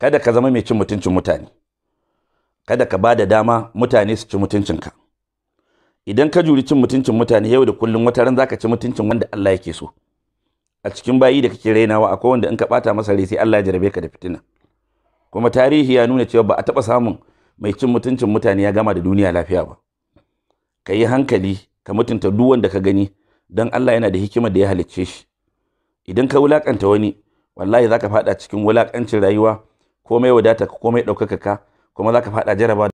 kada ka zama mai cin mutuncin mutane kada ka ba da dama mutane su ci mutuncinka idan ka juri cin mutuncin mutane yau da kullum wata ran zaka ci mutuncin wanda Allah yake so a cikin bayi da kake rainawa akwai wanda in ka bata masa rai sai Allah ya jarabe ka da fitina kuma tarihi ya nuna cewa ba a taba samun mai cin mutuncin mutane ya gama da duniya lafiya ba ka yi hankali ka mutunta duk wanda ka gani dan Allah yana da hikima da ya halicce shi idan ka wulakanta wani wallahi zaka fada cikin wulakancin rayuwa komai wadata ka komai ɗaukaka ka kuma za ka faɗa jaraba